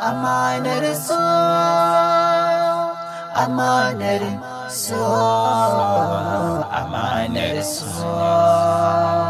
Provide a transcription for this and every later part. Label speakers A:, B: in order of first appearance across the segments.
A: Amanar su. amanar so, amanar su.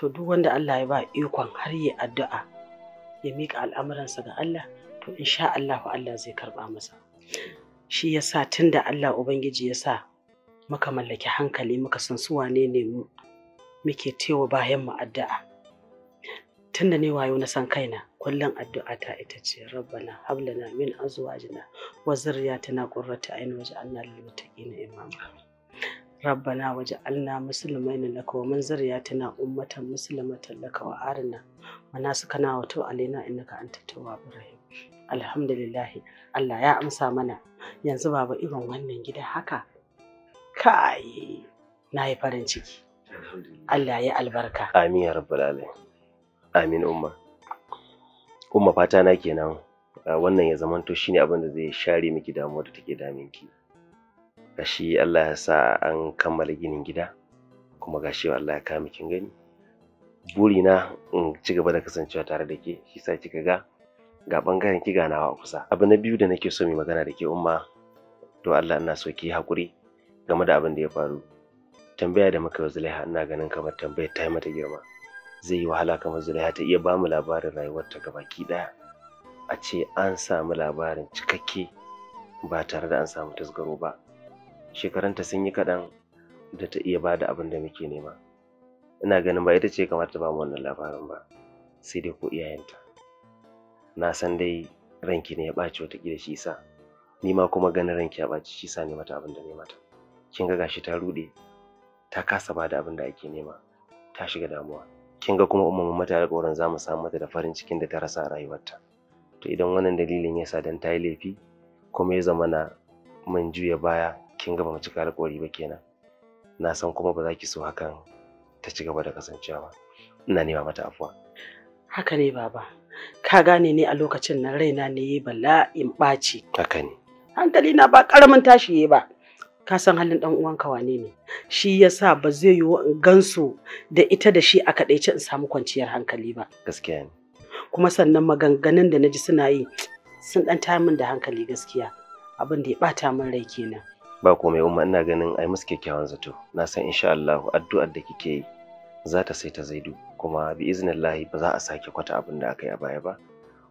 B: to duk wanda Allah ya ba ikon har yi addu'a ya mika al'amuransa ga Allah to insha Allah Allah zai karɓa masa shi yasa da Allah ubangiji ya sa muka mallaki hankali muka san su wane ne mu muke tewa bayan mu addu'a da ne wayo na san kaina kullum addu'a ta ita ce rabbana hablana min azwajina wa zurriyatina qurrata a'yun waj'alna lil muttaqina imama ربنا وجعلنا مسلمين لك ومن ذريتنا أمة مسلمة لك وأرنا مناسكنا وتب علينا إنك أنت التواب الرحيم الحمد لله الله يا أمسى منا yanzu baba irin wannan gida haka kai na yi farin ciki Allah ya albarka
C: amin ya rabbal amin umma umma fata na kenan ah, wannan ya zamanto ne abin da zai share miki damuwa da take daminki ki gashi Allah ya sa an kammala ginin gida kuma gashi Allah ya kama kin gani burina in ci gaba da kasancewa tare da ke shi sa kika ga ga bangaren ki ganawa a kusa abu na biyu da nake so mai magana da ke umma to Allah ina so ki hakuri game da abin da ya faru tambaya da muka Zulaiha ina ganin kamar tambayar ta yi mata girma zai yi wahala kamar Zulaiha ta iya ba mu labarin rayuwarta gabaki daya a ce an samu labarin cikakke ba tare da an samu tasgaro ba shekarunta sun yi kaɗan da ta iya ba da abin da muke nema ina ganin ba ita ce kamata ba mu wannan labarin ba sai dai ko iyayenta na san dai ranki ne ya ɓaci wata gida shi sa ni ma kuma ganin ranki ya ɓaci shi sa ne mata abin da ne mata kin ga gashi ta ruɗe ta kasa bada abin da ake nema ta shiga damuwa kin ga kuma umman mata ƙoron za mu samu mata da farin cikin da ta rasa rayuwarta to idan wannan dalilin ya sa dan ta yi laifi kuma ya zama na mun juya baya kin ga mace mu cika alƙawari ba kenan na san kuma ba za ki so hakan ta ci gaba da kasancewa ba ina nema mata afuwa
B: haka ne baba ka gane ne a lokacin nan raina ne bala'in ɓaci haka ne hankali na ba ƙaramin tashi ba ka san halin dan uwanka wane ne shi yasa ba zai yiwu in gansu da ita da shi a kadaice in samu kwanciyar hankali ba gaskiya ne kuma sannan maganganun da naji suna yi sun dan min da hankali gaskiya abin da ya bata min rai kenan
C: ba komai umma ina ganin ai musu kyakkyawan zato na san insha Allah addu'ar da kike yi za ta sai ta zaidu kuma bi iznillahi ba za a sake kwata abin da aka yi a baya ba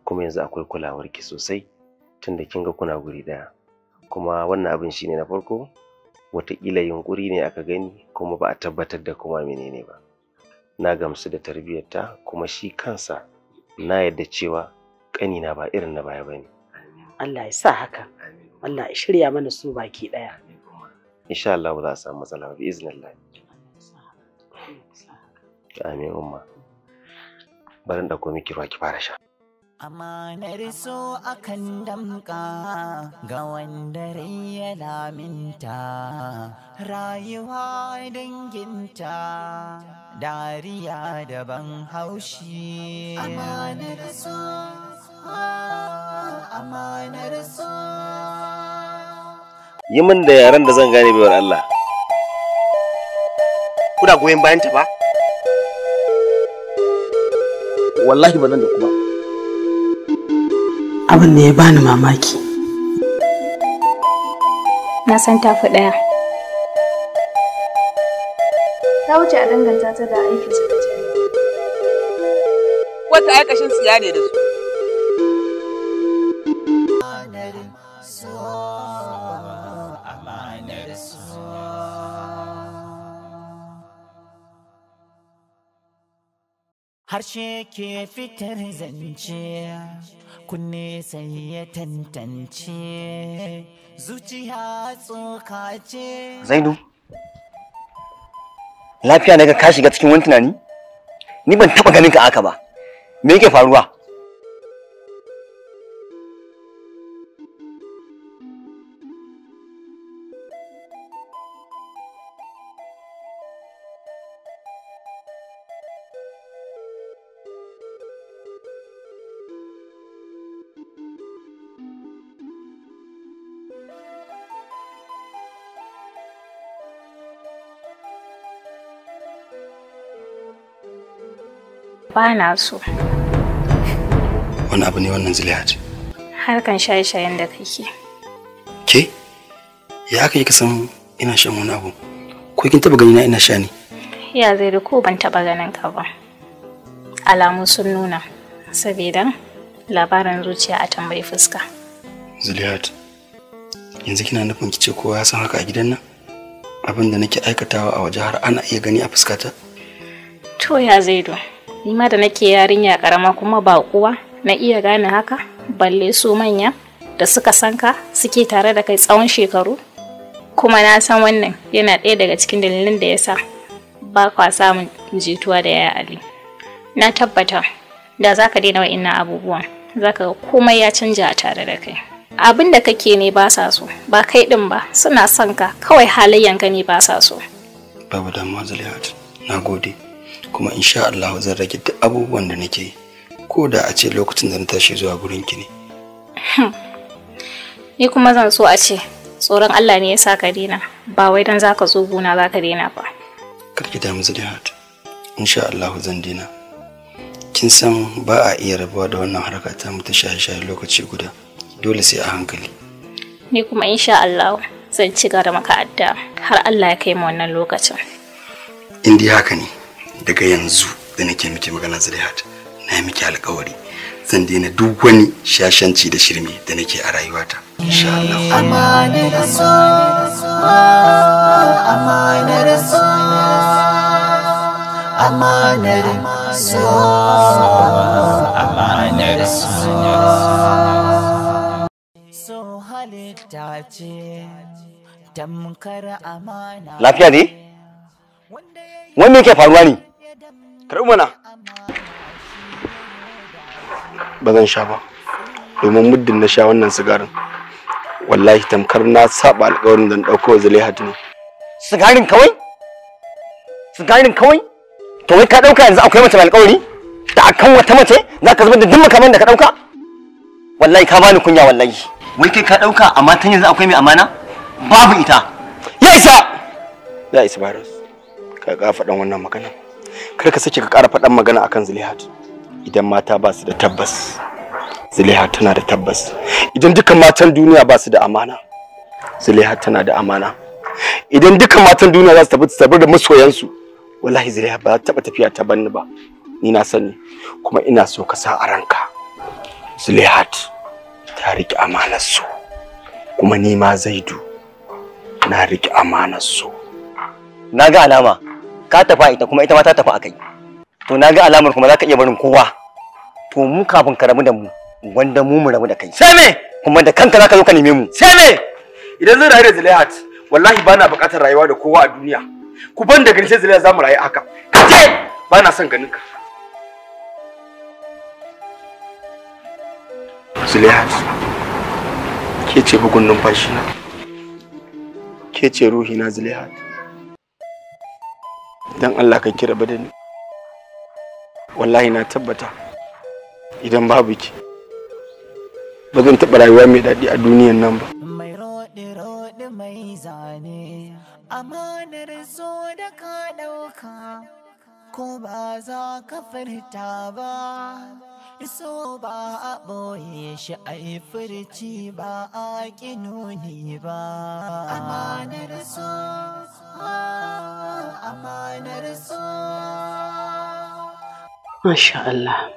C: kuma yanzu akwai kulawar ki sosai tunda kin ga kuna guri daya kuma wannan abin shine na farko wataƙila yunƙuri ne aka gani kuma ba a tabbatar da kuma menene ba na gamsu da tarbiyyarta kuma shi kansa na yadda cewa ƙanina ba irin na baya bane
B: Allah ya sa haka Allah ya shirya mana su baki ɗaya.
C: Insha Allah ba za a samu matsala ba bi Amin umma. Bari da komi ki ki fara sha.
A: Amanar so akan damka ga wanda rai ya laminta rayuwa danginta dariya ban haushi. Amanar so, ah, amanar so.
C: yi min da yaren da zan gane baiwar Allah kuna goyon bayan ta ba wallahi ba nan da kuma
B: abin da ya bani mamaki
D: na san ta fi ɗaya
E: ta wuce a danganta ta da aikin su
F: wata aikashin siya ne da su
A: harshe ke fitar zance kunne sai ya tantance zuciya
G: tsoka ce zaidu lafiya ne ka shiga cikin wani tunani ni ban taba ganin ka aka ba me yake faruwa
D: Ba na so.
H: Wani abu ne wannan ziliya
D: Harkan shaye-shayen da kake.
H: Ke? Ya aka yi ka san ina shan wani abu? Ko kin taba ganina ina sha ne?
D: Ya zai da ko ban taba ganin ka ba. Alamu sun nuna. Saboda labarin zuciya a tambayi fuska.
H: Zuliyat, yanzu kina nufin ki ce kowa ya san haka a gidan nan? Abin da nake aikatawa a waje har ana iya gani a fuskata?
D: To ya zaido. ni ma da nake yarinya karama kuma ba kuwa na iya gane haka balle su manya da suka san ka suke tare da kai tsawon shekaru kuma na san wannan yana ɗaya daga cikin dalilin da ya sa ba kwa samun jituwa da yaya ali na tabbata da za ka daina wa'innan abubuwan za ka komai ya canja a tare da kai abin da kake ne ba sa so ba kai ɗin ba suna son ka kawai halayyanka ne ba sa so
H: babu damuwa zuliyat na gode kuma insha Allah zan rage duk abubuwan da nake yi ko da a ce lokacin da na tashi zuwa gurin ki ne hmm.
D: ni kuma zan so a ce tsoron Allah ne ya sa ka daina ba wai dan zaka zo guna za ka daina ba
H: karki da mu zulihat insha Allah zan daina kin san ba a iya rabuwa da wannan harka ta mu shaye-shaye lokaci guda dole sai a hankali
D: ni kuma insha Allah zan ci gaba maka adda har Allah ya kai mu wannan lokacin
H: in dai haka ne daga yanzu da nake miki magana zulaihat na yi miki alkawari zan daina duk wani shashanci da shirme da nake a rayuwata
A: insha Allah eh, ah, amanar so amanar so amanar so halitta ce
I: tamkar amana lafiya ne wanda yake faruwa ne Karɓi mana. Ba zan sha ba. Domin muddin na sha wannan sigarin. Wallahi tamkar na saba alƙawarin zan ɗauko Zulaiha ne.
G: Sigarin kawai? Sigarin kawai? To wai ka ɗauka yanzu akwai mace mai alƙawari? Da akan wata mace za ka zubar da duk makaman da ka ɗauka? Wallahi ka bani kunya wallahi. Wai kai ka ɗauka amma tun yanzu akwai mai amana? Babu ita.
I: Ya isa! Ya isa Barus. Ka kafa ɗan wannan magana. kar ka sake ka ƙara faɗan magana akan Zulihat idan mata ba su da tabbas Zulihat tana da tabbas idan dukan matan duniya ba su da amana Zulihat tana da amana idan dukan matan duniya za su tafi tabar da masoyansu wallahi Zulihat ba za ta taɓa tafiya ta banni ba ni na sani kuma ina so ka sa a ranka Zulihat ta riƙe amanar su kuma ni ma Zaidu na riƙe
G: amanar su na ga alama ka tafi ita kuma ita ma ta tafi akai to na ga alamar kuma za ka iya barin kowa to mu kafin ka rabu da mu wanda mu mu rabu da kai sai me kuma da kanka za ka zo ka neme mu
I: sai me idan zan rayu da zulaihat wallahi bana buƙatar rayuwa da kowa a duniya ku ban da garshe zulaihat za mu rayu haka ka Ba bana son ganin ka zulaihat ke ce bugun numfashi na ke ce ruhi na zulaihat don Allah ka kira da ni wallahi na tabbata idan babu ki ba zan taɓa rayuwa mai daɗi a duniyan nan ba amanar
A: zo da ka ɗauka ko ba za ka farta ba iso ba a boye shi a yi furci ba a ƙinoni ba amanar so amanar
B: so Masha Allah,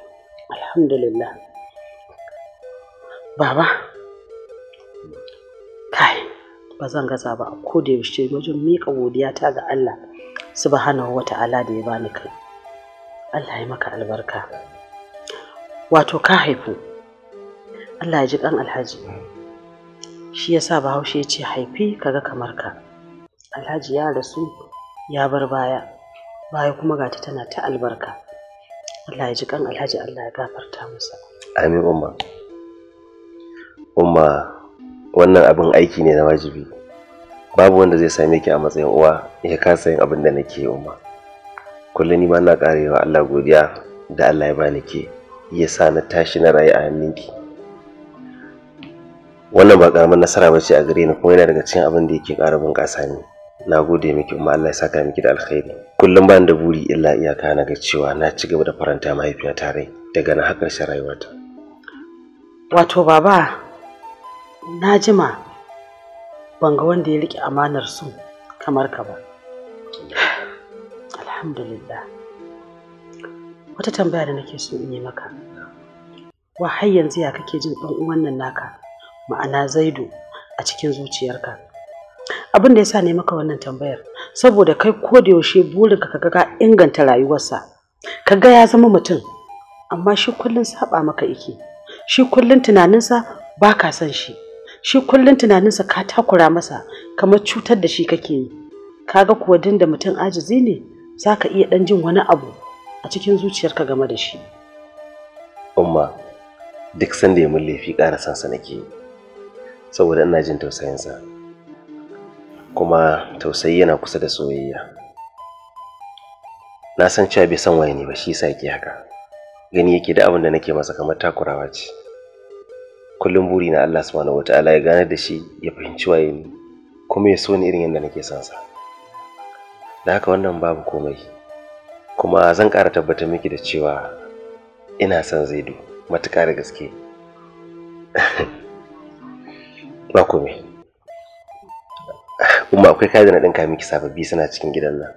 B: Alhamdulillah. Baba, kai, ba zan gaza ba a yaushe wajen miƙa godiyata ga Allah subhanahu wa ta'ala da ya bani kai. Allah ya maka albarka. wato ka haifu Allah ya ji kan alhaji shi yasa bahaushe ya ce haifi kaga kamar ka alhaji ya rasu ya bar baya baya kuma gata tana ta albarka Allah ya ji kan alhaji Allah ya gafarta masa
C: amin umma umma wannan abin aiki ne na wajibi babu wanda zai same ki a matsayin uwa ya kasa yin abin da nake umma kullum ni ma na karewa Allah godiya da Allah ya bani ke ya sa na tashi na rayu a hannunki wannan ba karamar nasara ba ce a gare ni kuma yana daga cikin abin da yake ƙara bunƙasa ni na gode miki kuma Allah ya saka miki da alkhairi kullum ban da buri illa iyaka na ga cewa na ci gaba da faranta mahaifiyata rai daga na hakar shi rayuwata
B: wato baba na jima ban ga wanda ya rike amanar su kamar ka ba alhamdulillah wata tambaya da nake so in yi maka wa har yanzu ya kake jin ɗan uwan nan naka ma'ana zaidu a cikin zuciyarka abin da ya sa ne maka wannan tambayar saboda kai ko da yaushe burinka ka ga inganta rayuwarsa ka ga ya zama mutum amma shi kullun saba maka iki shi kullun tunaninsa ba ka san shi shi kullum tunaninsa ka takura masa kamar cutar da shi kake yi kaga kuwa dinda mutum ajizi ne za ka iya ɗan jin wani abu a cikin zuciyarka game da shi
C: umma duk sanda ya mun laifi ƙara sa nake saboda ina jin tausayinsa kuma tausayi yana kusa da soyayya na san cewa bai san waye ne ba shi yasa yake haka gani yake da abin da nake masa kamar takurawa ce kullum buri na Allah subhanahu wataala ya gane da shi ya fahimci waye ne kuma ya so ni irin yadda nake son sa da haka wannan babu komai kuma zan ƙara tabbatar miki da cewa ina son zaidu matuƙa da gaske ba kome kuma akwai kayan na ɗinka miki sababbi suna cikin gidan nan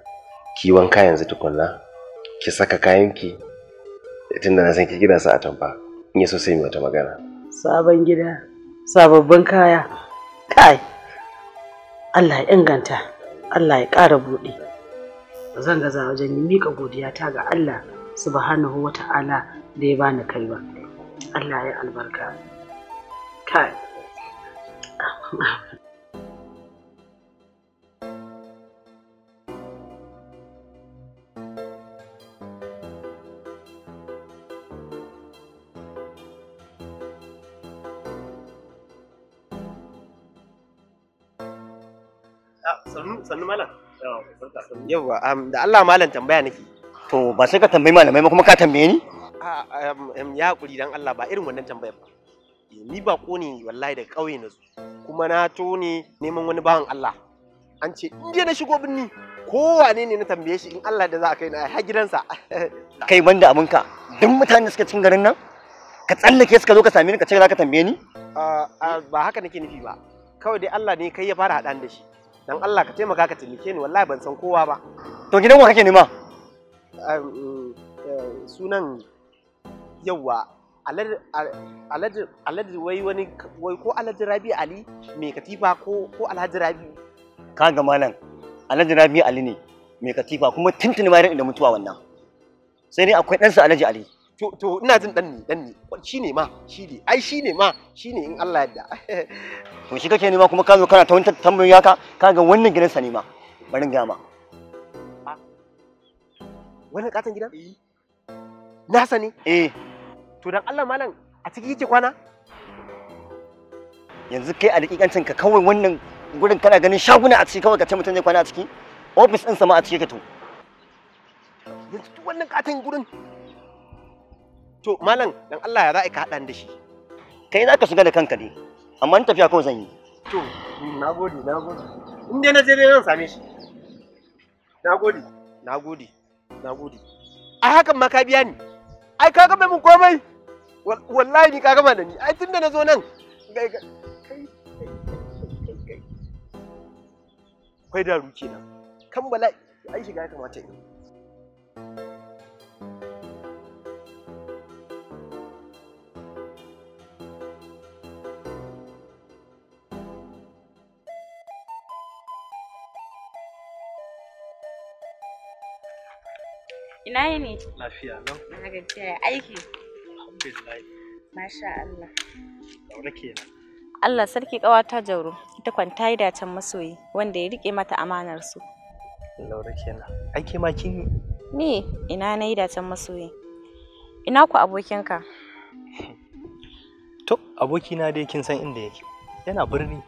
C: ki wanka yanzu tukunna ki saka kayanki tunda na san ki gidan sa a tamba in yi sosai sai wata magana
B: sabon gida sababbin kaya kai Allah ya inganta Allah ya ƙara buɗe zan gaza wajen miƙa godiyata ga Allah subhanahu wa ta'ala da ya bani kai ba Allah ya albarka kai ah,
C: sannu malam Yawwa, da Allah malam tambaya nake.
G: To ba sai ka tambayi malamai ma kuma ka tambaye ni?
C: Ya hakuri dan Allah ba irin wannan tambayar ba. Eh, ni ba ko ne wallahi daga ƙauye na su. kuma na to ne neman wani bawan Allah. An ce in na shigo birni kowane ne na tambaye shi in Allah da za a kai na ha gidansa.
G: Kai banda abinka duk mutanen suka cikin garin nan ka tsallake suka zo ka same ni ka ce za ka tambaye ni?
C: Ba haka nake nufi ba. Kawai dai Allah ne kai ya fara haɗan da shi. dan Allah ka taimaka ka taimake ni wallahi ban san kowa ba
G: to gidan wa kake nema
C: eh, sunan yawa alhaji wai wani wai ko alhaji rabi ali mai katifa ko ko alhaji rabi ka ga malam
G: alhaji rabi ali ne mai katifa kuma tuntuni ma da mutuwa wannan sai ne akwai ɗansa alhaji ali to to ina jin dan ne dan ne shi ne ma shi ne ai shi ne ma shi
C: ne in Allah yadda
G: to shi kake nema kuma ka zo kana ta wani tambayoyi Ka kaga wannan gidan sa ne ma barin ga ma
C: wannan katon gidan eh.
G: na sani eh to dan Allah malam a ciki yake kwana yanzu kai a dakikancin ka kawai wannan gurin kana ganin shaguna a ciki kawai ka ce mutum zai kwana a ciki ofis din sama a ciki ka to
C: yanzu duk wannan katon gurin to malam dan Allah ya za ka haɗa da shi kai za ka shiga
G: da kanka ne amma ni tafiya kawai zan yi
C: to nagode nagode in dai na je dai zan same shi nagode nagode nagode a hakan ma ka biya ni ai ka gama min komai wallahi ni ka gama da ni ai tunda na zo nan
H: kai kai, kai,
C: kai, da ruke nan kan Bala ai shiga ya kamata in
F: ina ne? Lafiya
G: lau. Na gajiya aiki. Alhamdulillah.
F: Masha Allah.
G: Daure
J: kenan.
F: Allah sarki ƙawata Jauro ita kwanta yi dacen masoyi wanda ya riƙe mata amanar su.
H: Laure kenan.
J: Aiki ma kin
F: Ni ina na yi dacen masoyi. Ina ku abokinka?
J: To abokina dai kin san inda yake. Yana birni.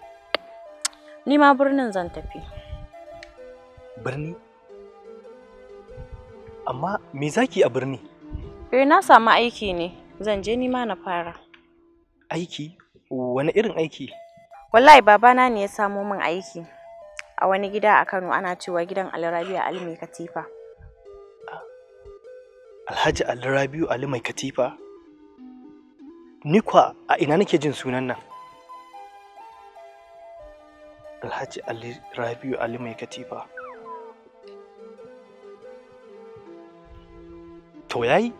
F: Ni ma birnin zan tafi.
J: Birni? amma me zaki a birni
F: eh na samu aiki ne zan je nima na fara
J: aiki wani irin aiki
F: wallahi babana ne ya samo min aiki a wani gida a Kano ana cewa gidan Alrabi'a Ali mai katifa
J: Alhaji Alrabi'u Ali mai katifa ni kwa a ina nake jin sunan nan Alhaji Ali Rabi'u Ali mai katifa to ya yi?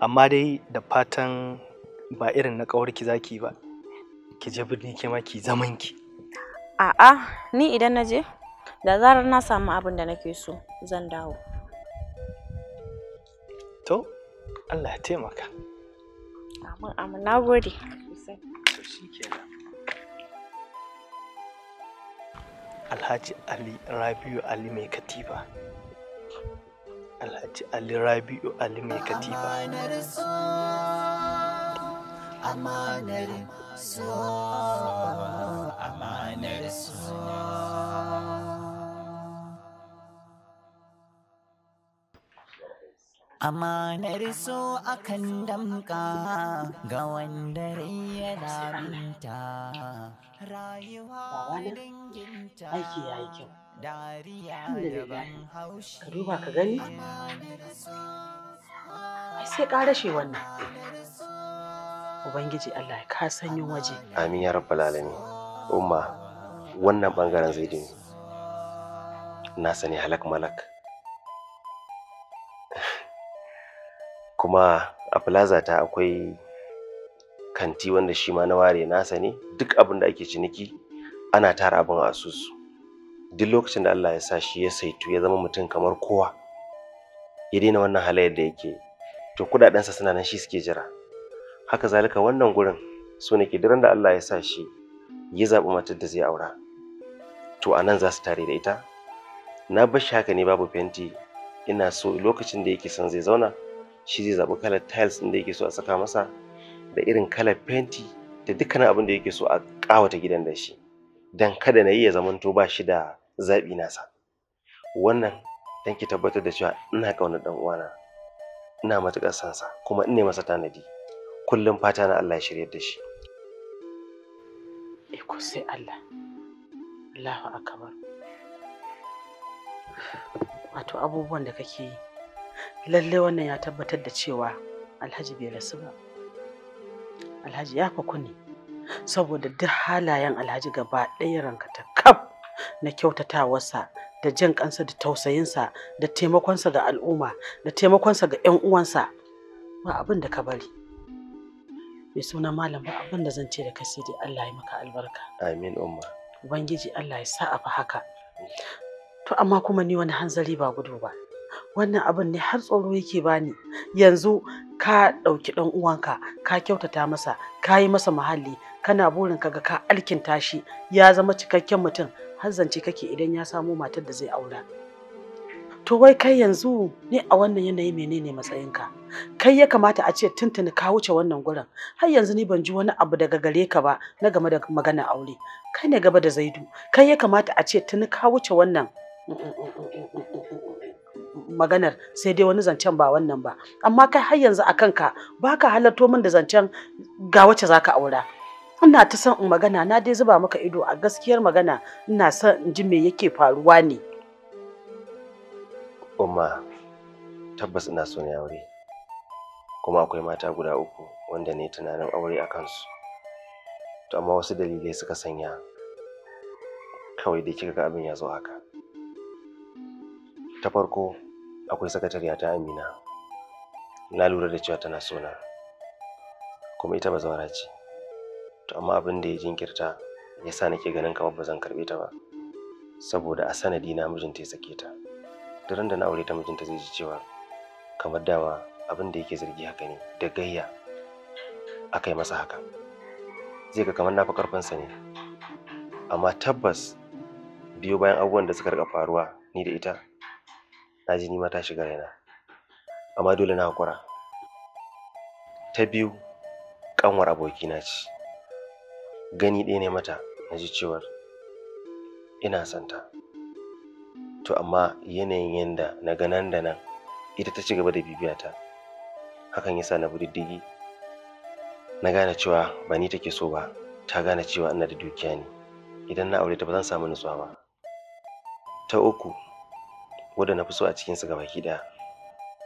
J: amma dai da fatan ba irin na ƙawarki zaki ba ki je birni ke ma ki zaman ki
F: a'a ni idan na je da zarar na samu abin da nake so zan dawo
J: to Allah ya taimaka
F: amin amin na gode
J: Alhaji Ali Rabiu Ali mai katifa alhaji ali rabi'u ali mai katifa amanar
A: so amanar so akan damka ga wanda rai ya daminta rayuwa danginta. Aiki ya yi kyau. ka duba ka gani
B: sai ƙarashe wannan ubangiji allah ka yin waje
C: amin ya rabbal alamin umma wannan bangaren zai ne na sani halak malak kuma a plaza ta akwai kanti wanda shi ma na ware nasa ne duk abin da ake ciniki ana tara abin a asusu duk lokacin da Allah ya sa shi ya saitu ya zama mutum kamar kowa ya daina wannan halayyar da yake to kudadensa suna nan shi suke jira haka zalika wannan gurin su ne ke da Allah ya sa shi ya zaɓi matar da zai aura to a nan za su tare da ita na bar shi haka ne babu fenti ina so lokacin da yake son zai zauna shi zai zaɓi kalar tiles ɗin da yake so a saka masa da irin kalar fenti da dukkanin abin da yake so a ƙawata gidan da shi don kada na yi ya zamanto ba shi da zaɓi nasa wannan dan ki tabbatar da cewa ina ƙaunar dan uwana ina matuƙar son sa kuma ina masa tanadi kullum fata na Allah ya shiryar da shi
B: ko sai Allah Allahu akbar wato abubuwan da kake yi lalle wannan ya tabbatar da cewa alhaji bai rasu ba alhaji ya fa kuni saboda duk halayen alhaji gaba ɗaya rankatar na kyautatawarsa da jin kansa da tausayinsa da taimakonsa ga al'umma da taimakonsa ga 'yan uwansa ba abin da ka bari mai suna malam ba abin da zan ce da kai dai Allah ya maka albarka
C: amin umma
B: ubangiji Allah ya sa a haka to amma kuma ni wani hanzari ba gudu ba wannan abin ne har tsoro yake bani yanzu ka ɗauki ɗan uwanka ka kyautata masa ka yi masa muhalli kana burin ka ga ka alkinta shi ya zama cikakken mutum har zance kake idan ya samo matar da zai aura to wai kai yanzu ne a wannan yanayi menene matsayinka kai ya kamata a ce tuntuni ka wuce wannan gurin har yanzu ni ban ji wani abu daga gare ka ba na game da magana aure kai ne gaba da zaidu kai ya kamata a ce tuni ka wuce wannan maganar sai dai wani zancen ba wannan ba amma kai har yanzu a kanka baka halarto min da zancen ga wacce zaka aura ina ta san in magana na dai zuba maka ido a gaskiyar magana ina son in ji me yake faruwa
C: ne umma tabbas ina son aure kuma akwai mata guda uku wanda ne tunanin aure a kansu to amma wasu dalilai suka sanya kawai dai kika ga abin ya zo haka ta farko akwai sakatariya ta amina na lura da cewa tana sona kuma ita bazawara ce to amma abin da ya jinkirta ya sa nake ganin kamar ba zan karɓe ta ba saboda a sanadi na mijinta ya sake ta daren da na aure ta mijinta zai ji cewa kamar dama abin da yake zargi haka ne da gayya aka yi masa haka zai ga kamar na fi karfinsa ne amma tabbas biyo bayan abubuwan da suka rika faruwa ni da ita na ji nima ta shiga raina amma dole na hakura ta biyu ƙanwar abokina ce gani ɗaya ne mata na ji cewar ina santa to amma yanayin yanda na ga nan da nan ita ta ci gaba da bibiya ta hakan yasa na bi diddigi na gane cewa ba ni take so ba ta gane cewa ina da dukiya ne idan na aure ta ba zan samu nutsuwa ba ta uku wadda na fi so a cikin cikinsu gabaki ɗaya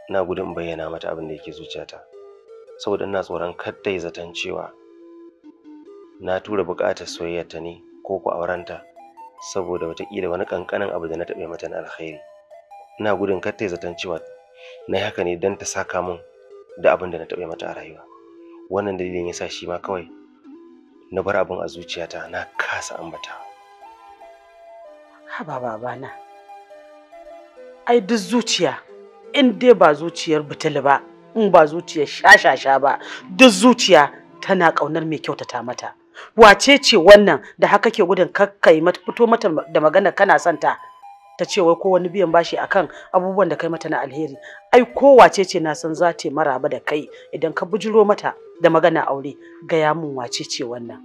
C: na gudun bayyana mata abin da yake zuciyata saboda ina tsoron kar ta yi zaton cewa na tura buƙatar soyayyarta ne ko ku aurenta saboda wataƙila wani ƙanƙanin abu da na taɓa mata na alkhairi ina gudun kar ta zaton cewa na yi haka ne don ta saka min da abin da na taɓa mata a rayuwa wannan dalilin yasa shi ma kawai na bar abin a zuciyata na kasa ambata
B: haba babana ai duk zuciya in dai ba zuciyar butul ba in ba zuciyar shashasha ba duk zuciya tana ƙaunar mai kyautata mata wace ce wannan da haka ke gudun kakkai fito mata da magana kana son ta ta ce wai ko wani biyan bashi akan abubuwan da kai mata na alheri ai ko wace ce na san za ta maraba da kai idan ka bujiro mata da magana aure gaya mun wace ce wannan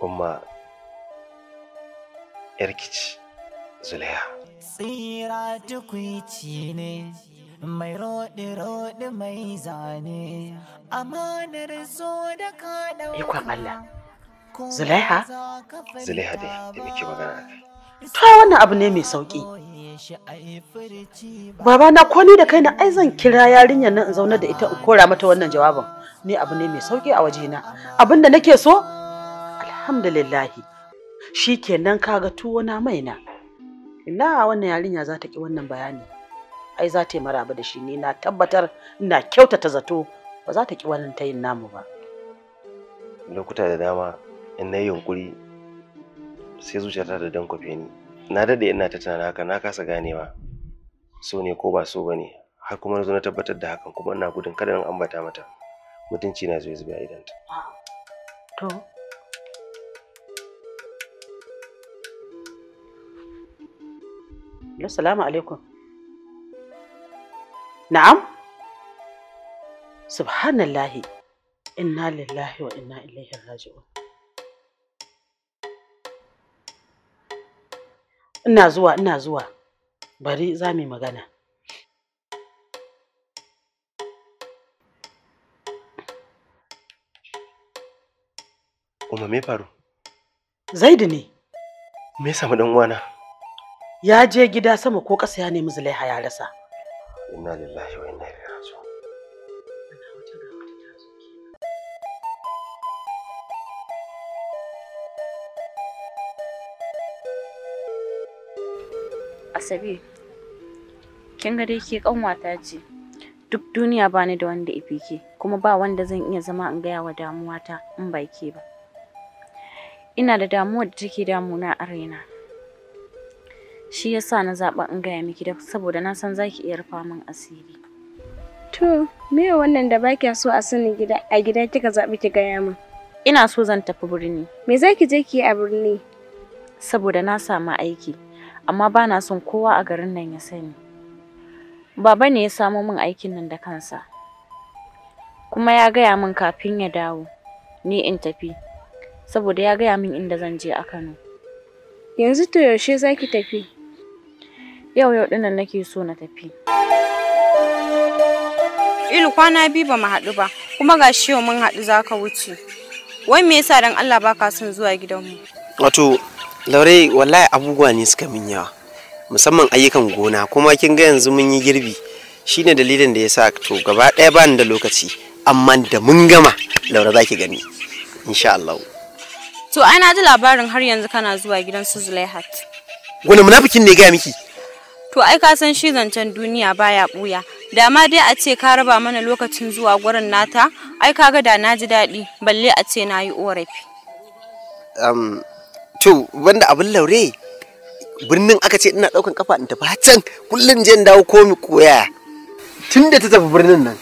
C: umma yarkici zulaiha
A: tsira tukwici ne mai roɗe roɗe mai zane amanar zo da ka ikon Allah Zulaiha? Zulaiha
B: dai
C: da muke magana kai.
B: ta wannan abu ne mai sauki Baba na ko ni da kaina ai zan kira yarinyar nan in zauna da ita in kora mata wannan jawabin ni abu ne mai sauki a wajena abinda nake so alhamdulillahi shikenan kaga tuwo na maina ina wannan yarinya za ta ki wannan bayani ai za ta yi maraba da shi ne na tabbatar ina kyautata zato ba za ta ki wannan yin namu ba
C: lokuta da dama in na yi yunkuri sai zuciyata da dan kwafe ni na dade ina ta tana haka na kasa ganewa so ne ko ba so bane har kuma na zo na tabbatar da hakan kuma ina gudun kada in ambata mata mutunci na zo ya zubi a idanta
B: to Assalamu alaikum. Na'am? Subhanallah! inna lillahi wa inna ilaihi raji'un. Ina zuwa, ina zuwa, bari za mu magana. Umma me faru? Zaidu ne.
C: Me ya samu ɗan uwana?
B: Ya je gida sama ko ƙasa ya nemi Zulaiha ya rasa.
C: inna lillahi wa inna ilaihi raji'un
D: Asabe,
F: kin dai ke kanwata ce. Duk duniya ba ni da wanda ifi ke, kuma ba wanda zan iya zama in gaya wa damuwata in ba ke ba. Ina da damuwar da take damuna a raina. shi yasa na zaɓa in gaya miki da saboda na san zaki iya rufa min asiri
E: to me wannan da baki so a sani gida a
F: gida kika zaɓi ki gaya min ina so zan tafi birni me za ki je ki yi a birni saboda na samu aiki amma ba na son kowa a garin nan ya sani baba ne ya samo min aikin nan da kansa kuma ya gaya min kafin ya dawo ni in tafi saboda ya gaya min inda zan je a Kano yanzu to yaushe zaki tafi Yau yau dinnan nake so na tafi. Ilu kwana biyu ba mu haɗu ba, kuma ga shi yau mun haɗu za ka wuce. Wai me yasa dan Allah ba ka son zuwa gidanmu?
C: Wato, Laure, wallahi abubuwa ne suka min yawa. Musamman ayyukan gona, kuma kin ga yanzu mun yi girbi. Shine dalilin da yasa to gaba ɗaya ba ni da lokaci, amma da mun gama Laure za ki gani. Insha Allah.
F: To ai na ji labarin har yanzu kana zuwa gidan su Zulaihat.
C: Wani munafikin ne ga miki?
F: To ai ka san shi zancen duniya baya buya. Da ma dai a ce ka raba mana lokacin zuwa gurin nata, ai kaga da na ji daɗi, balle a ce na yi orafi.
C: Um, to wanda abin laure birnin aka ce ina ɗaukan kafa in tafi can kullum je dawo komi koya. Tun da ta tafi birnin nan,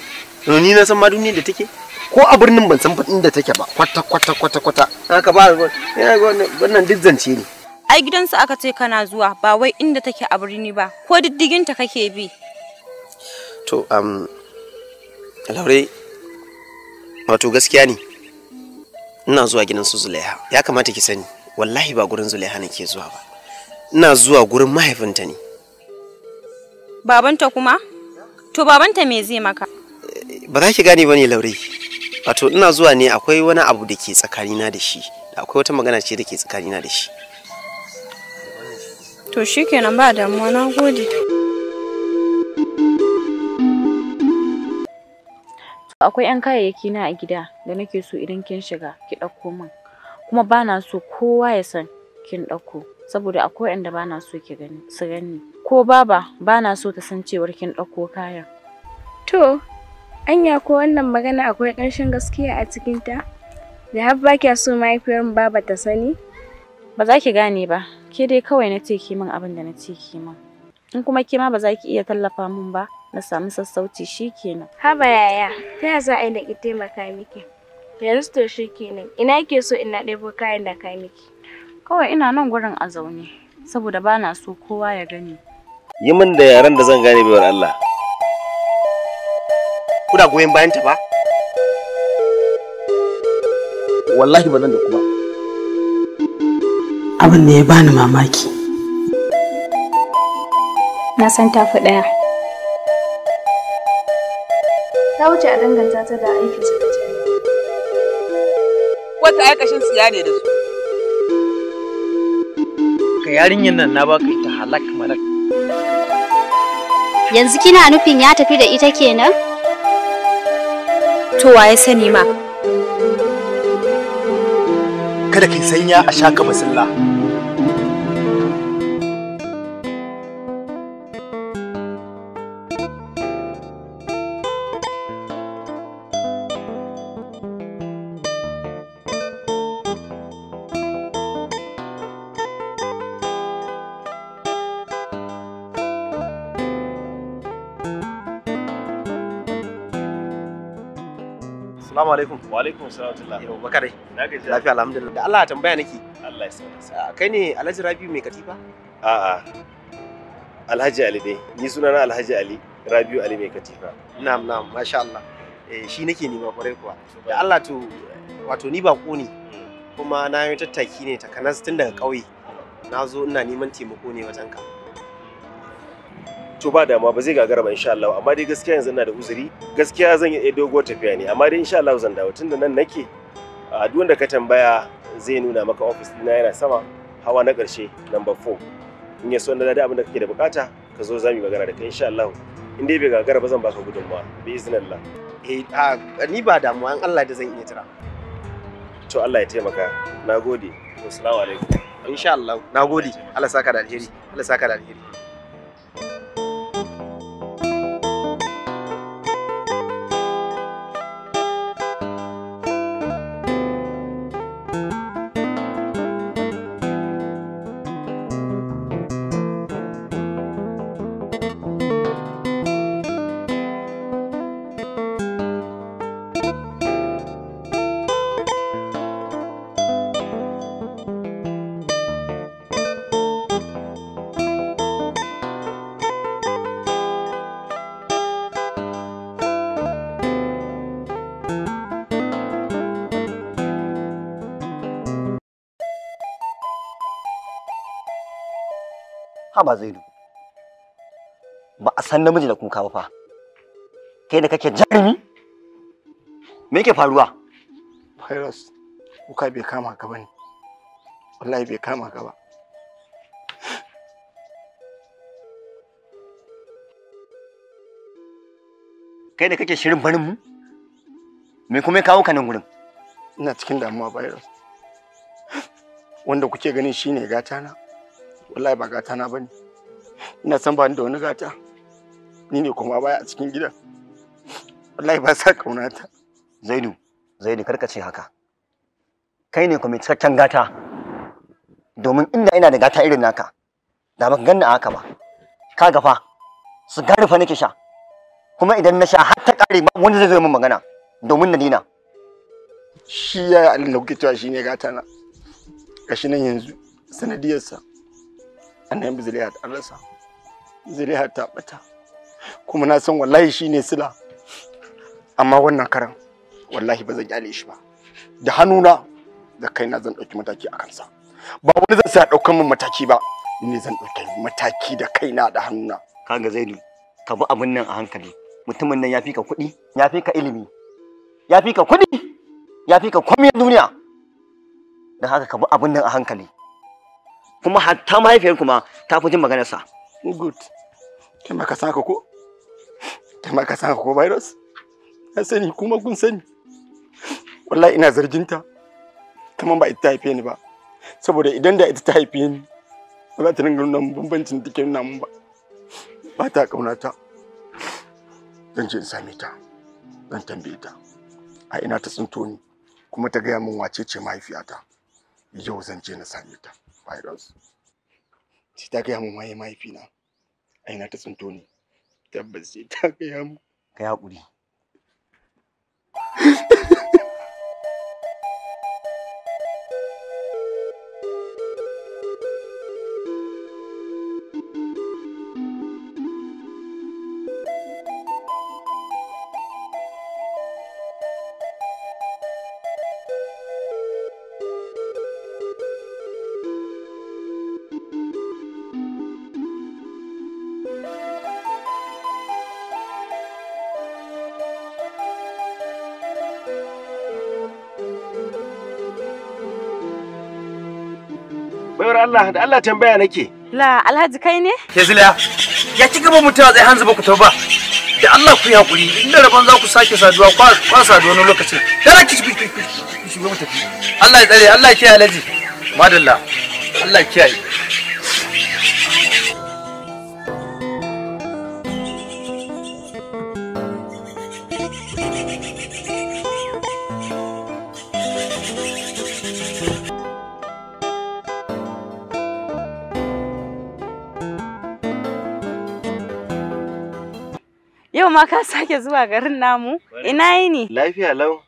C: ni na san ma duniyar da take. Ko a birnin ban san da take ba kwata kwata kwata kwata. Haka ba wannan duk zance ne.
F: ai gidansu aka ce kana zuwa ba wai inda take a birni ba ko diddiginta kake bi
C: to um laure wato gaskiya ne ina zuwa gidan su zulaiha ya kamata ki sani wallahi ba gurin zulaiha ke zuwa ba ina zuwa gurin mahaifinta ne
F: babanta kuma to babanta me zai maka
C: ba za ki gane ba ne laure wato ina zuwa ne akwai wani abu da ke tsakanina da shi akwai wata magana ce da ke tsakanina da shi
F: to shi kenan ba damuwa na gode akwai 'yan kayayyaki na a gida da nake so idan kin shiga ki ɗauko min kuma ba na so kowa ya san kin ɗauko saboda akwai wanda ba na so ki gani su gani ko baba ba so ta san cewar kin ɗauko kayan
E: to anya ko wannan magana akwai ƙarshen gaskiya
F: a cikinta da har ba so mahaifiyar baba ta sani ba za ki gane ba ke dai kawai na ce ki min abin da na ce ki min in kuma ke ma ba za ki iya tallafa min ba na samu sassauci shi shikenan
E: haba yaya ta ya za a yi da ki taimaka miki
F: yanzu to Kenan ina ke so ina ɗebo kayan da kai miki kawai ina nan gurin a zaune saboda ba na so kowa ya gani
C: yi min da yaren da zan gane biyar Allah kuna goyon bayanta ba wallahi ba nan da kuma
B: abin da ya bani mamaki
D: na san tafi ɗaya
E: ta wuce a danganta ta da aikin su
B: wata aikashin su ya ne da su
A: ka yarinyar nan na baka ita halak malak
F: yanzu kina nufin ya tafi da ita kenan to waye sani ma
J: kada ki sanya a shaka masalla.
C: wa alaikum salam yau bakare na lafiya alhamdulillah da Allah tambaya nake Allah ya sauka ah, kai ne Alhaji Rabiu mai katifa a'a Alhaji Ali dai ni sunana Alhaji Ali Rabiu Ali mai katifa na'am na'am masha Allah eh, shi nake nema kwarai kuwa da Allah to wato ni bako ne hmm. kuma na yi tattaki ne takanas tun daga ƙauye na zo ina neman taimako ne wajen ka to ba dama ba zai gagara ba insha Allah amma dai gaskiya yanzu ina da uzuri gaskiya zan iya dogo tafiya ne amma dai insha Allah zan dawo tunda nan nake a duk wanda ka tambaya zai nuna maka office dina yana sama hawa na ƙarshe number 4 in ya so na da abin da kake da bukata ka zo zamu magana da kai insha Allah in dai bai gagara ba zan baka gudunmawa bi iznillah eh ni ba damuwa in Allah da zan iya jira to Allah ya taimaka nagode assalamu alaikum insha Allah nagode Allah saka da alheri Allah saka da alheri
G: haba zaidu ba a san namiji
I: da kuka ba fa kai da kake jarumi me yake faruwa virus kuka bai kama ka bane wallahi bai kama ka ba
G: kai da kake shirin barin mu me kuma ya kawo ka nan
I: gurin ina cikin damuwa virus wanda kuke ganin shine gata na wallahi ba gata na bane ina san ba ni da wani gata ni ne kuma baya a cikin gidan wallahi ba sa kauna ta zainu
G: zainu karka ce haka kai ne kuma cikakken gata domin inda ina da gata irin naka da ba ganna haka ba ka gafa su fa nake sha kuma idan na sha har ta kare ba wanda zai zo min magana domin na dina
I: shi ya yi alin da kuke cewa shi ne gata na gashi nan yanzu sanadiyarsa annabi zuriya an rasa zuriya ta bata kuma na san wallahi shine sila amma wannan karan wallahi ba zan kyale shi ba da hannuna da kaina zan ɗauki mataki a kansa ba wani zan sa daukan min mataki ba ni zan ɗauki mataki da kaina da hannuna kaga zaini ka
G: bi abin nan a hankali mutumin nan ya fi ka kuɗi ya fi ka ilimi ya fi ka kuɗi ya fi ka komai duniya don haka ka bi abin nan a hankali
I: kuma hatta mahaifiyar kuma ta fi jin maganar sa oh, good kai maka san ko kai maka san ko virus na sani kuma kun sani wallahi ina zargin ta kamar ba ita ta haife ni ba saboda idan da ita ta haife ni ba za ta dinga nuna bambancin take nuna mun ba ba ta kauna ta zan je in same ta zan tambaye ta a ina ta tsinto ni kuma ta gaya min wace ce mahaifiyata yau zan je na same ta virus sai ta gaya min waye mahaifina ina ta tsinto ni tabbas sai ta gaya min ka
B: yi
C: Allah da Allah tambaya nake.
F: La Alhaji kai ne?
C: Ke zila. Ya ci gaba mutuwa tsaye hanzu ba ku tauba. Da Allah ku yi hakuri inda rabon za ku sake saduwa kwa saduwa wani lokacin. Dara ki
J: shi Allah ya tsare Allah ya kiyaye Alhaji. Madalla. Allah ya kiyaye.
F: ma ka sake zuwa garin namu. Ina
C: yi ne? Lafiya lau.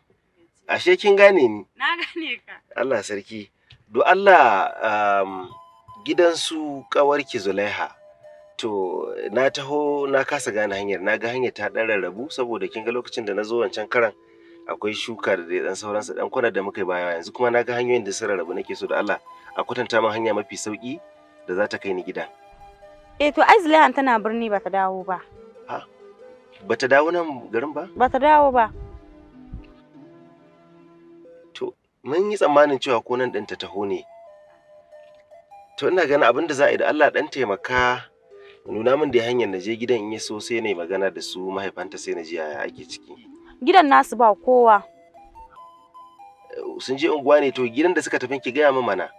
C: Ashe kin gane ni?
F: Na gane ka.
C: Allah sarki. Do Allah um, gidansu kawarki Zulaiha. To na taho na kasa gane hanyar na ga hanyar ta ɗan rarrabu saboda kin ga lokacin da na zo wancan karan akwai shuka da dan sauransu dan kwana da muka baya yanzu kuma na ga hanyoyin da sun rarrabu nake so da Allah a kwatanta min hanya mafi sauki da za ta kai ni gida.
F: Eh to Zulaiha tana birni ba ta dawo ba.
C: Bata dawo nan garin ba?
F: Bata dawo ba.
C: To, mun yi tsammanin cewa ko nan ɗanta taho ne. To, ina ganin abin da za a yi da Allah ɗan taimaka nuna min da hanyar na je gidan in yi so sai na yi magana da su mahaifanta sai na ji yaya ake ciki.
F: Gidan nasu ba kowa.
C: Sun je unguwa ne to gidan da suka tafi ki gaya min mana.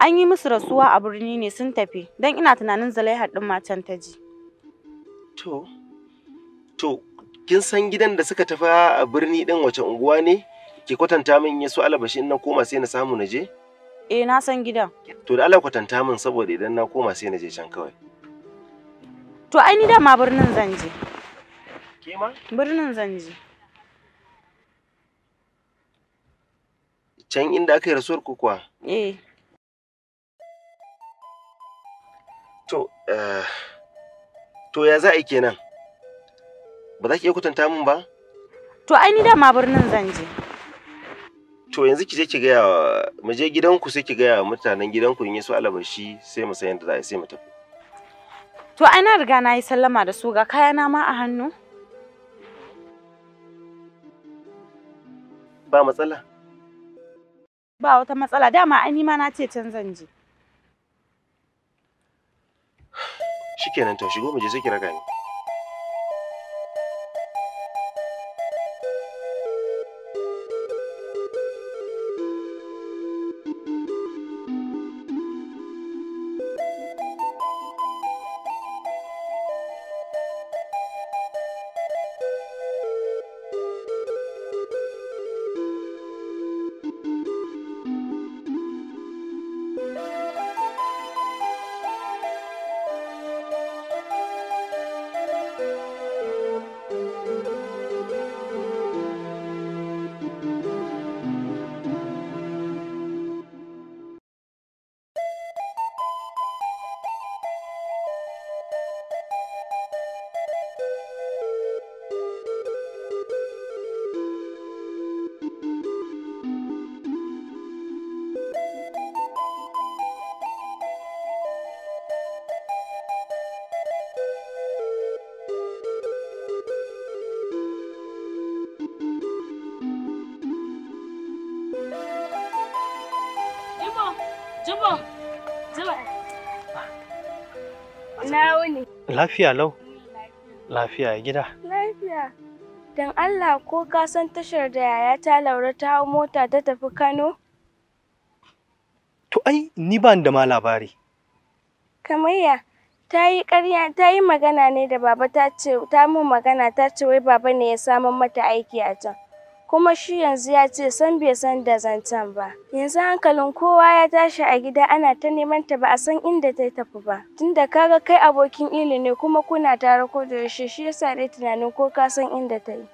F: An yi musu rasuwa a birni ne sun tafi don ina tunanin zalaihar ɗin matan ta ji.
C: To, To, kin san gidan da suka tafi a birni din wace unguwa ne? ke kwatanta min ya su alabashi in na koma sai na samu na je?
F: Eh, na san gidan.
C: To, da Allah kwatanta min saboda idan na koma sai na je can kawai.
F: To, ai ni da ma birnin zan je. Ke ma? Birnin zan je.
C: Can inda aka yi rasuwar ku kuwa? Eh. To, uh, to ya za a yi kenan? ba za ki iya kwatanta min ba
F: to ai ni dama birnin zan je
C: to yanzu ki je ki gaya mu je gidanku sai ki gaya mutanen gidanku in yaso alabashi sai mu san yadda za a sai mu tafi
F: to ai na riga na yi sallama da su ga kayana ma a hannu ba matsala ba wata matsala dama ai ma na ce can zan je
C: shikenan to shigo mu je sai ki raka ni
J: Lafiya lau? Lafiya gida.
E: Lafiya. Don Allah ko ka san tashar da yaya ta laura ta hau mota ta tafi Kano?
J: To ai ni ba da ma labari.
E: Kamayya ta yi ƙarya ta yi magana ne da baba ta ce ta mu magana ta ce wai baba ne ya samun mata aiki a can. kuma shi yanzu ya ce san bai san da zancen ba. Yanzu hankalin kowa ya tashi a gida ana ta neman ta ba a san inda ta tafi ba. Tunda kaga kai abokin ilimi ne kuma kuna tare ko da yaushe shi yasa dai tunanin ko ka san inda ta yi.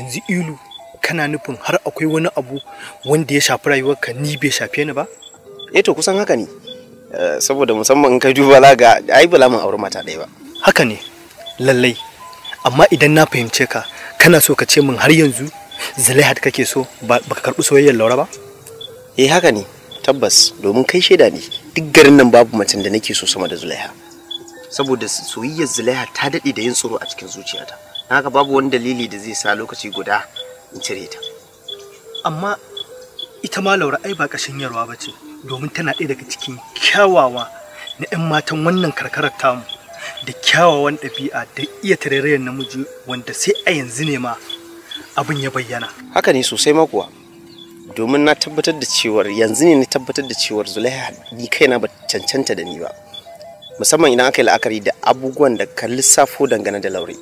J: Yanzu ilu kana nufin har akwai wani abu wanda ya shafi rayuwarka ni bai shafe ni ba?
C: Eh to kusan haka ne. Eh, saboda musamman in ka duba za ga ai bala mun aure mata ɗaya ba.
J: Haka ne lallai amma idan na fahimce ka kana so ka ce min har yanzu zulaihat kake
C: so baka karɓi soyayyar laura ba eh haka ne tabbas domin kai shaida ne duk garin nan babu macen da nake so sama da zulaiha saboda soyayyar zulaiha ta daɗe da yin tsoro a cikin zuciyata haka babu wani dalili da zai sa lokaci guda in cire ta
J: amma ita ma laura ai ba kashin yarwa ba domin tana ɗaya daga cikin kyawawa na 'yan matan wannan karkarar tamu da kyawawan ɗabi'a da iya tarairayar namiji wanda sai a yanzu ne ma abin ya bayyana
C: haka ne sosai makuwa domin na tabbatar da cewar yanzu ne na tabbatar da cewar zulaiha ni kaina ba cancanta da ni ba musamman idan aka yi la'akari da abubuwan da ka lissafo dangane da laure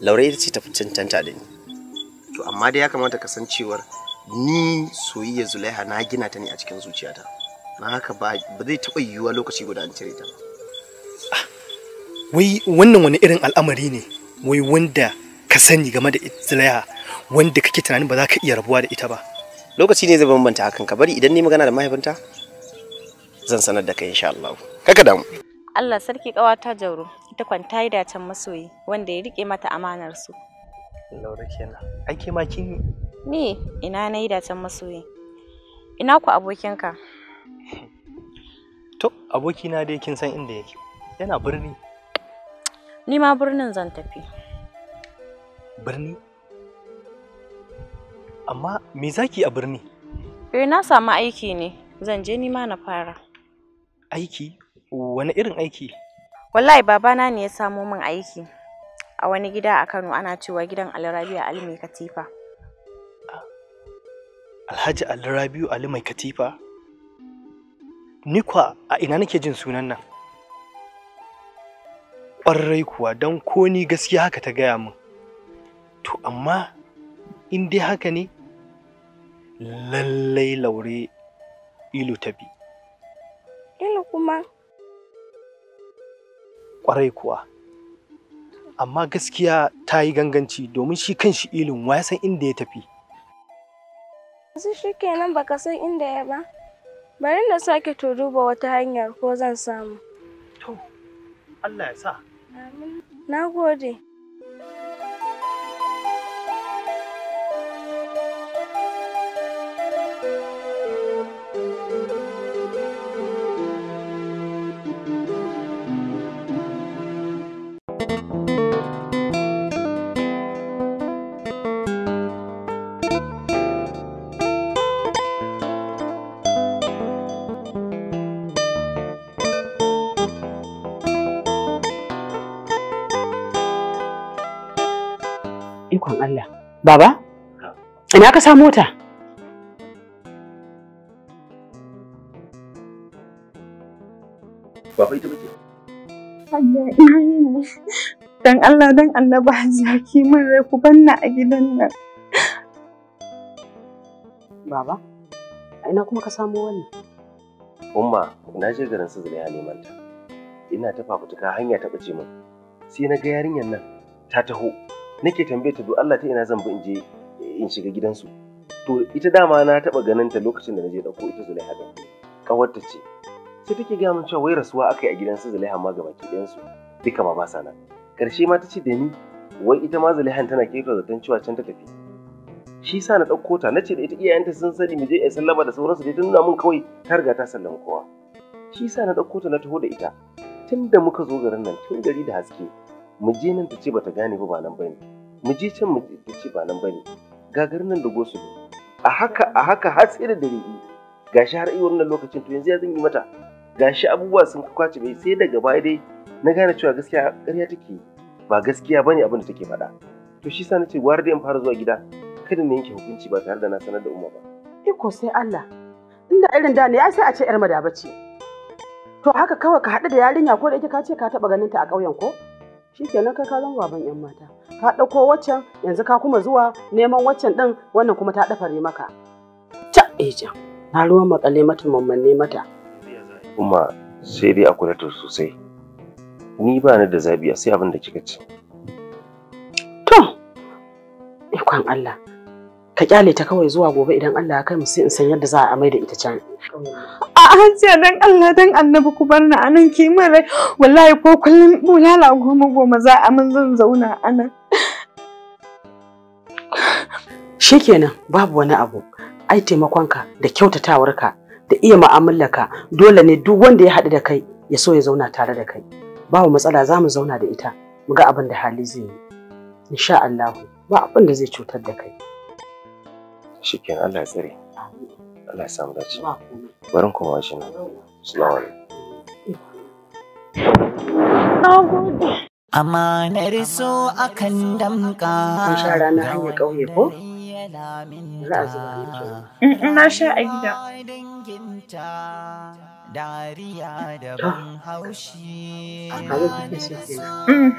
C: laure ita ce ta cancanta da ni to amma dai ya kamata ka san cewar ni soyayya zulaiha na gina ta ne a cikin zuciyata na haka ba zai taɓa yiwuwa lokaci guda an cire ta
J: ah, wai wannan wani irin al'amari ne wai wanda ka sani game da zulaiha wanda kake tunanin ba za ka iya rabuwa da
C: ita ba lokaci ne zai bambanta hakan ka bari idan ni magana da mahaifinta zan sanar da kai insha Allah kaka damu
F: Allah sarki kawata Jauro ita kwanta yi dacen masoyi wanda ya rike mata amanar su
H: Laura kenan
J: ai ke ma kin
F: ni ina na yi dacen masoyi ina ku abokinka
J: to abokina dai kin san inda yake yana birni
F: ni ma birnin zan tafi
J: birni amma me zaki a birni
F: eh na samu aiki ne zan je nima na fara
J: aiki wani irin aiki
F: wallahi babana ne ya samo min aiki a wani gida a Kano ana cewa gidan alrabiya Ali Mai Katifa
J: Alhaji Alrabi'u Ali Mai Katifa ni kwa a ina nake jin sunan nan ƙwarai kuwa don ko ni gaskiya haka ta gaya min to amma in dai haka ne lallai laure ilu ta bi ilu kuma ƙwarai kuwa amma gaskiya ta yi ganganci domin shi kan shi ilin wa san inda ya tafi
E: yanzu shi kenan baka san inda ya ba bari na sake to duba wata hanyar ko zan samu to Allah ya sa na gode
B: ikon Allah. Baba, ina ka sa mota?
C: Baba ina kuma ka samu wannan? Umma, na je garin su neman ta. Ina ta fafutuka hanya ta bace min. Sai na ga yarinyar nan ta taho nake tambayar ta do Allah ta ina zan bi in je in shiga gidansu to ita dama na taba ganin ta lokacin da naje dauko ita Zulaiha da ta ce sai take gaya mun cewa wai rasuwa akai a gidansu Zulaiha ma gaba ki ɗayansu duka ma ba sana nan karshe ma ta ce da ni wai ita ma Zulaiha tana kira zaton cewa can ta tafi shi sa na ɗauko ta nace da ita iyayenta sun sani mu je a sallama da sauransu dai tun nuna mun kawai ta riga ta sallama kowa shi sa na ɗauko ta na taho da ita tun da muka zo garin nan tun gari da haske mu je nan ta ce bata gane ba ba nan bane mu je can mu ta ce ba nan bane gagar nan da gosu a haka a haka har sai da dare gashi har iwon nan lokacin to yanzu ya zan yi mata gashi abubuwa sun kwace bai sai daga baya dai na gane cewa gaskiya ƙarya take ba gaskiya bane abin da take faɗa to shi sa nace gwara dai in fara zuwa gida kada na yanke hukunci ba tare da na sanar da umma ba
B: iko eh sai Allah inda irin da ne ai sai a ce yar madaba ce to haka kawai ka haɗu da yarinya ko da yake ka ce ka taɓa ganin ta a ƙauyen ko shikenan kai ka zama baban yan mata ka ɗauko waccan yanzu ka kuma zuwa neman waccan ɗin wannan kuma ta dafari maka ta eja eh, na ruwan makale mata mammanne mata
C: kuma sai dai a ta sosai ni ba ni da zabi sai abin da kika ci
B: to ikon Allah ka kyale ta kawai zuwa gobe idan Allah ya kai mu sai in san yadda za a amai da ita can. A hajiya dan Allah dan annabi ku bar ni anan ki min rai wallahi ko kullum bulala goma goma za a min zan
F: zauna
J: anan.
B: Shikenan babu wani abu ai taimakonka da kyautatawarka da iya mu'amalarka dole ne duk wanda ya haɗu da kai ya so ya zauna tare da kai. Babu matsala za mu zauna da ita mu ga abin da hali zai yi. Insha Allah ba abin da zai cutar da kai.
C: shikenan Allah ya tsare Allah ya samu dace barin kuma shi ne assalamu alaikum
A: Amanar so akan damka. Kun sha ranar hanyar ƙauye ko? Za a zuba mm, mm, Na sha a gida. dariya da ah. ban haushi. kuke so kenan.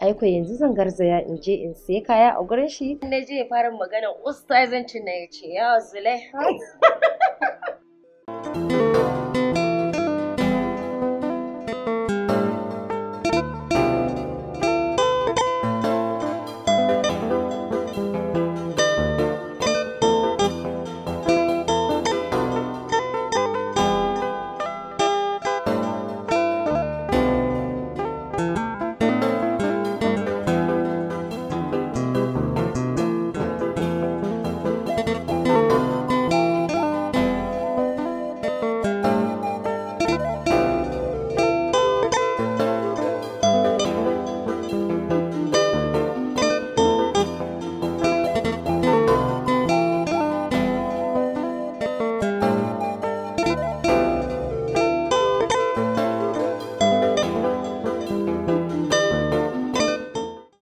K: aiko yanzu zan garzaya in je in sai kaya a gurin shi na je ya fara magana ustazancin na ya ce yawa zule.